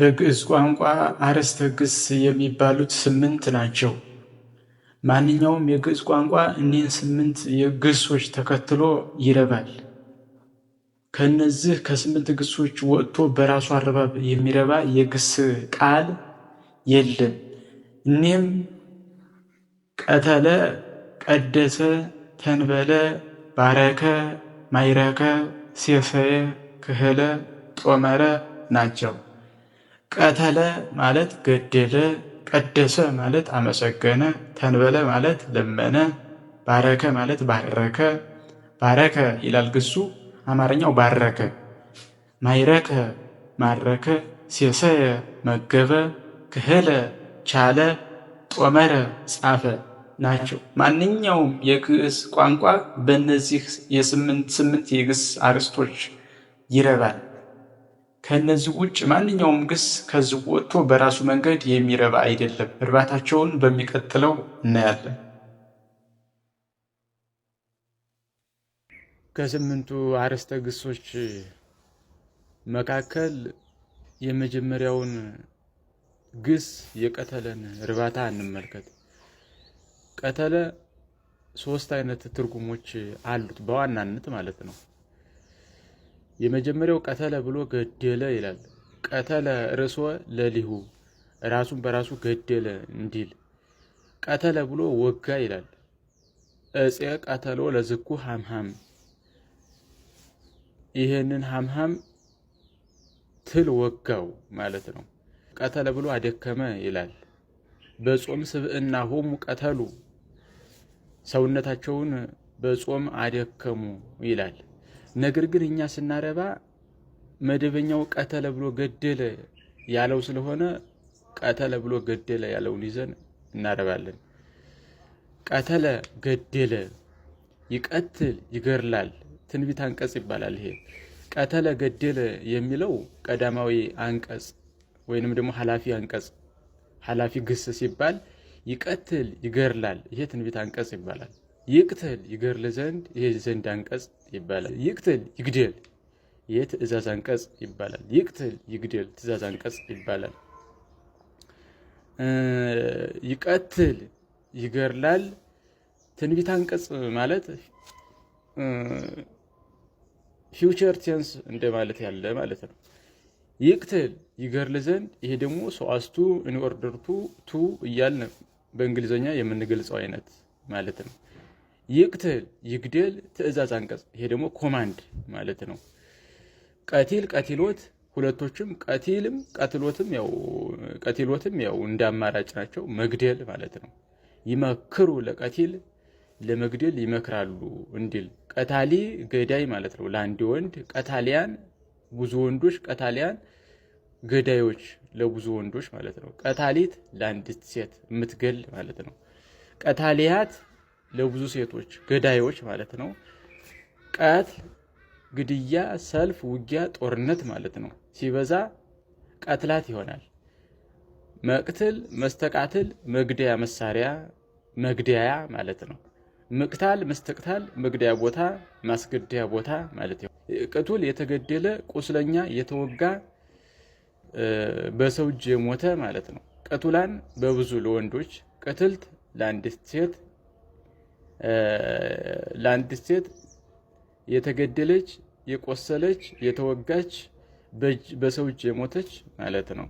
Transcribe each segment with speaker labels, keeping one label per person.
Speaker 1: በግዕዝ ቋንቋ አረስተ ግስ የሚባሉት ስምንት ናቸው። ማንኛውም የግዕዝ ቋንቋ እኒህን ስምንት ግሶች ተከትሎ ይረባል። ከነዚህ ከስምንት ግሶች ወጥቶ በራሱ አረባብ የሚረባ የግስ ቃል የለም። እኒህም ቀተለ፣ ቀደሰ፣ ተንበለ፣ ባረከ፣ ማይረከ፣ ሴሰየ፣ ክህለ፣ ጦመረ ናቸው። ቀተለ ማለት ገደለ፣ ቀደሰ ማለት አመሰገነ፣ ተንበለ ማለት ለመነ፣ ባረከ ማለት ባረከ። ባረከ ይላል ግሱ፣ አማርኛው ባረከ። ማይረከ ማረከ፣ ሴሰየ መገበ፣ ክህለ ቻለ፣ ጦመረ፣ ጻፈ ናቸው። ማንኛውም የግዕዝ ቋንቋ በእነዚህ የስምንት ስምንት የግስ አርዕስቶች ይረባል። ከእነዚህ ውጭ ማንኛውም ግስ ከዚህ ወጥቶ በራሱ መንገድ የሚረባ አይደለም። እርባታቸውን በሚቀጥለው እናያለን።
Speaker 2: ከስምንቱ አርዕስተ ግሶች መካከል የመጀመሪያውን ግስ የቀተለን እርባታ እንመልከት። ቀተለ ሶስት አይነት ትርጉሞች አሉት በዋናነት ማለት ነው። የመጀመሪያው ቀተለ ብሎ ገደለ ይላል። ቀተለ ርእሶ ለሊሁ ራሱን በራሱ ገደለ እንዲል። ቀተለ ብሎ ወጋ ይላል። እፄ ቀተሎ ለዝኩ ሐምሐም ይህንን ሐምሐም ትል ወጋው ማለት ነው። ቀተለ ብሎ አደከመ ይላል። በጾም ሆሙ ቀተሉ ሰውነታቸውን በጾም አደከሙ ይላል። ነገር ግን እኛ ስናረባ መደበኛው ቀተለ ብሎ ገደለ ያለው ስለሆነ ቀተለ ብሎ ገደለ ያለውን ይዘን እናረባለን። ቀተለ ገደለ፣ ይቀትል ይገርላል ትንቢት አንቀጽ ይባላል። ይሄ ቀተለ ገደለ የሚለው ቀዳማዊ አንቀጽ ወይንም ደግሞ ኃላፊ አንቀጽ ኃላፊ ግስ ሲባል ይቀትል ይገርላል፣ ይሄ ትንቢት አንቀጽ ይባላል። ይቅትል ይገርል ዘንድ ይሄ ዘንድ አንቀጽ ይባላል። ይቅትል ይግደል፣ ይሄ ትእዛዝ አንቀጽ ይባላል። ይቅትል ይግደል፣ ትእዛዝ አንቀጽ ይባላል። ይቀትል ይገርላል፣ ትንቢት አንቀጽ ማለት ፊውቸር ቴንስ እንደማለት ያለ ማለት ነው። ይቅትል ይገርል ዘንድ ይሄ ደግሞ ሶአስቱ ኢንኦርደርቱ ቱ እያልን በእንግሊዝኛ የምንገልጸው አይነት ማለት ነው። ይቅትል ይግደል ትእዛዝ አንቀጽ ይሄ ደግሞ ኮማንድ ማለት ነው። ቀቲል ቀቲሎት ሁለቶችም ቀቲልም ቀትሎትም ያው ቀቲሎትም ያው እንደ አማራጭ ናቸው መግደል ማለት ነው። ይመክሩ ለቀቲል ለመግደል ይመክራሉ እንዲል ቀታሊ ገዳይ ማለት ነው። ለአንድ ወንድ ቀታሊያን ብዙ ወንዶች ቀታሊያን ገዳዮች ለብዙ ወንዶች ማለት ነው። ቀታሊት ለአንዲት ሴት የምትገል ማለት ነው። ቀታሊያት ለብዙ ሴቶች ገዳዮች ማለት ነው። ቀትል ግድያ፣ ሰልፍ፣ ውጊያ፣ ጦርነት ማለት ነው። ሲበዛ ቀትላት ይሆናል። መቅትል፣ መስተቃትል መግደያ፣ መሳሪያ መግደያ ማለት ነው። መቅታል መስተቅታል መግደያ ቦታ ማስገደያ ቦታ ማለት ነው። ቅቱል የተገደለ ቁስለኛ የተወጋ በሰው እጅ የሞተ ማለት ነው። ቀቱላን በብዙ ለወንዶች ቅትልት ለአንዲት ሴት ለአንዲት ሴት የተገደለች የቆሰለች የተወጋች በሰው እጅ የሞተች ማለት ነው።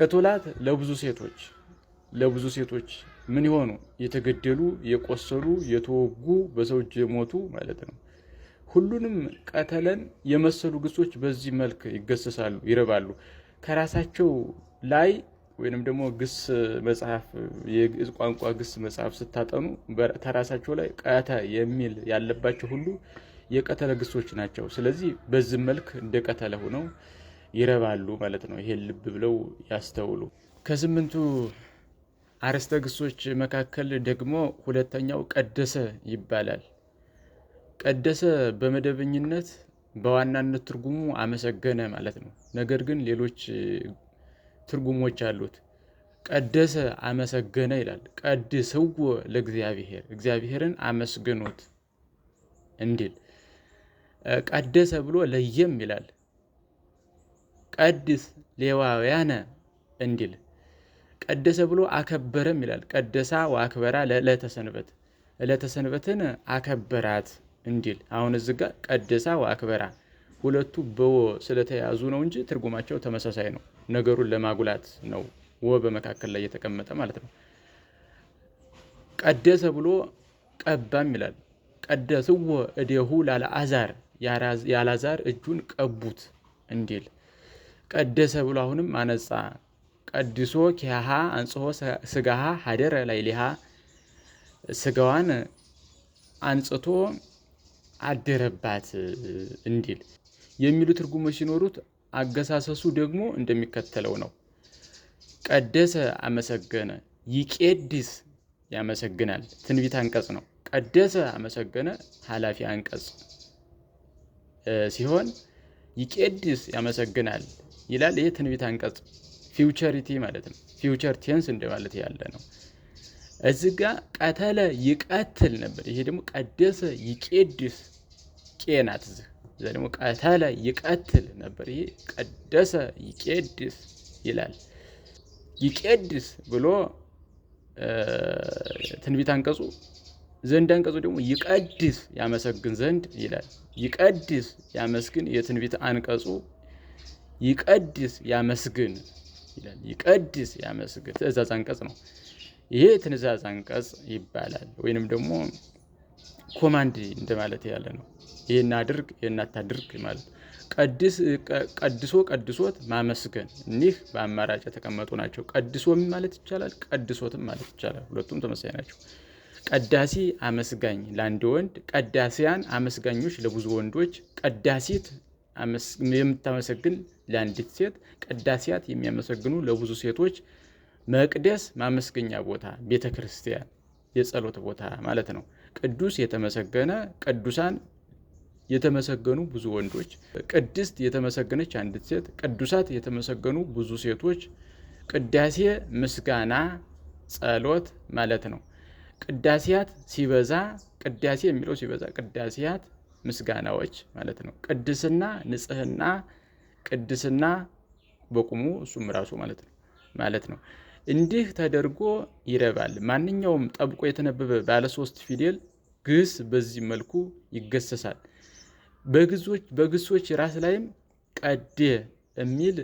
Speaker 2: ቅቱላት ለብዙ ሴቶች ለብዙ ሴቶች ምን የሆኑ የተገደሉ፣ የቆሰሉ፣ የተወጉ፣ በሰው እጅ የሞቱ ማለት ነው። ሁሉንም ቀተለን የመሰሉ ግሶች በዚህ መልክ ይገሰሳሉ፣ ይረባሉ። ከራሳቸው ላይ ወይንም ደግሞ ግስ መጽሐፍ የግዕዝ ቋንቋ ግስ መጽሐፍ ስታጠኑ ከራሳቸው ላይ ቀተ የሚል ያለባቸው ሁሉ የቀተለ ግሶች ናቸው። ስለዚህ በዚህ መልክ እንደ ቀተለ ሆነው ይረባሉ ማለት ነው። ይሄን ልብ ብለው ያስተውሉ። ከስምንቱ አረስተ ግሶች መካከል ደግሞ ሁለተኛው ቀደሰ ይባላል። ቀደሰ በመደበኝነት በዋናነት ትርጉሙ አመሰገነ ማለት ነው። ነገር ግን ሌሎች ትርጉሞች አሉት። ቀደሰ አመሰገነ ይላል። ቀድስዎ ለእግዚአብሔር እግዚአብሔርን አመስግኖት እንዲል። ቀደሰ ብሎ ለየም ይላል። ቀድስ ሌዋውያነ እንዲል ቀደሰ ብሎ አከበረም ይላል። ቀደሳ ወአክበራ ዕለተ ሰንበትን አከበራት እንዲል አሁን እዚ ጋር ቀደሳ ወአክበራ ሁለቱ በወ ስለተያዙ ነው እንጂ ትርጉማቸው ተመሳሳይ ነው። ነገሩን ለማጉላት ነው ወ በመካከል ላይ የተቀመጠ ማለት ነው። ቀደሰ ብሎ ቀባም ይላል። ቀደስዎ እደሁ ላልአዛር ያላዛር እጁን ቀቡት እንዲል ቀደሰ ብሎ አሁንም አነጻ ቀድሶ ኪያሃ አንጽሆ ስጋሃ ሀደረ ላይሊሃ ስጋዋን አንጽቶ አደረባት እንዲል የሚሉ ትርጉሞች ሲኖሩት አገሳሰሱ ደግሞ እንደሚከተለው ነው። ቀደሰ አመሰገነ፣ ይቄድስ ያመሰግናል። ትንቢት አንቀጽ ነው። ቀደሰ አመሰገነ ኃላፊ አንቀጽ ሲሆን ይቄድስ ያመሰግናል ይላል። ይህ ትንቢት አንቀጽ ፊውቸሪቲ ማለት ነው። ፊውቸር ቴንስ እንደማለት ያለ ነው። እዚ ጋ ቀተለ ይቀትል ነበር። ይሄ ደግሞ ቀደሰ ይቄድስ ቄናት እዚህ እዛ ደግሞ ቀተለ ይቀትል ነበር። ይሄ ቀደሰ ይቄድስ ይላል። ይቄድስ ብሎ ትንቢት አንቀጹ ዘንድ አንቀጹ ደግሞ ይቀድስ ያመሰግን ዘንድ ይላል። ይቀድስ ያመስግን የትንቢት አንቀጹ ይቀድስ ያመስግን ይላል። ይቀድስ ያመስግን ትእዛዝ አንቀጽ ነው። ይሄ ትእዛዝ አንቀጽ ይባላል። ወይንም ደግሞ ኮማንድ እንደማለት ያለ ነው። ይህን አድርግ፣ ይህን አታድርግ ማለት ቀድሶ ቀድሶት ማመስገን እኒህ በአማራጭ የተቀመጡ ናቸው። ቀድሶም ማለት ይቻላል፣ ቀድሶትም ማለት ይቻላል። ሁለቱም ተመሳይ ናቸው። ቀዳሲ አመስጋኝ ለአንድ ወንድ፣ ቀዳሲያን አመስጋኞች ለብዙ ወንዶች፣ ቀዳሲት የምታመሰግን ለአንዲት ሴት ቅዳሴያት የሚያመሰግኑ ለብዙ ሴቶች መቅደስ ማመስገኛ ቦታ ቤተ ክርስቲያን የጸሎት ቦታ ማለት ነው። ቅዱስ የተመሰገነ ቅዱሳን የተመሰገኑ ብዙ ወንዶች፣ ቅድስት የተመሰገነች አንዲት ሴት፣ ቅዱሳት የተመሰገኑ ብዙ ሴቶች። ቅዳሴ ምስጋና፣ ጸሎት ማለት ነው። ቅዳሴያት ሲበዛ ቅዳሴ የሚለው ሲበዛ ቅዳሴያት ምስጋናዎች ማለት ነው። ቅድስና ንጽህና፣ ቅድስና በቁሙ እሱም ራሱ ማለት ነው ማለት ነው። እንዲህ ተደርጎ ይረባል። ማንኛውም ጠብቆ የተነበበ ባለሶስት ፊደል ግስ በዚህ መልኩ ይገሰሳል። በግሶች ራስ ላይም ቀዴ የሚል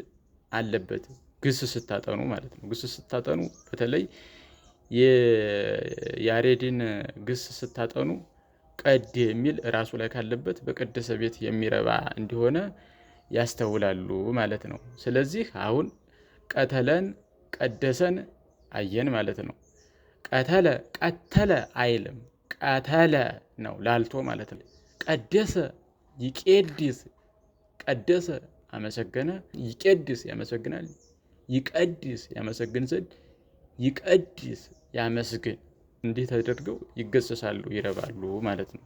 Speaker 2: አለበት። ግስ ስታጠኑ ማለት ነው። ግስ ስታጠኑ በተለይ የያሬድን ግስ ስታጠኑ ቀድ የሚል ራሱ ላይ ካለበት በቀደሰ ቤት የሚረባ እንደሆነ ያስተውላሉ ማለት ነው። ስለዚህ አሁን ቀተለን ቀደሰን አየን ማለት ነው። ቀተለ ቀተለ አይልም፣ ቀተለ ነው ላልቶ ማለት ነው። ቀደሰ ይቄድስ፣ ቀደሰ አመሰገነ፣ ይቄድስ ያመሰግናል፣ ይቀድስ ያመሰግን ዘንድ፣ ይቀድስ ያመስግን እንዴት አድርገው ይገሰሳሉ፣ ይረባሉ ማለት ነው።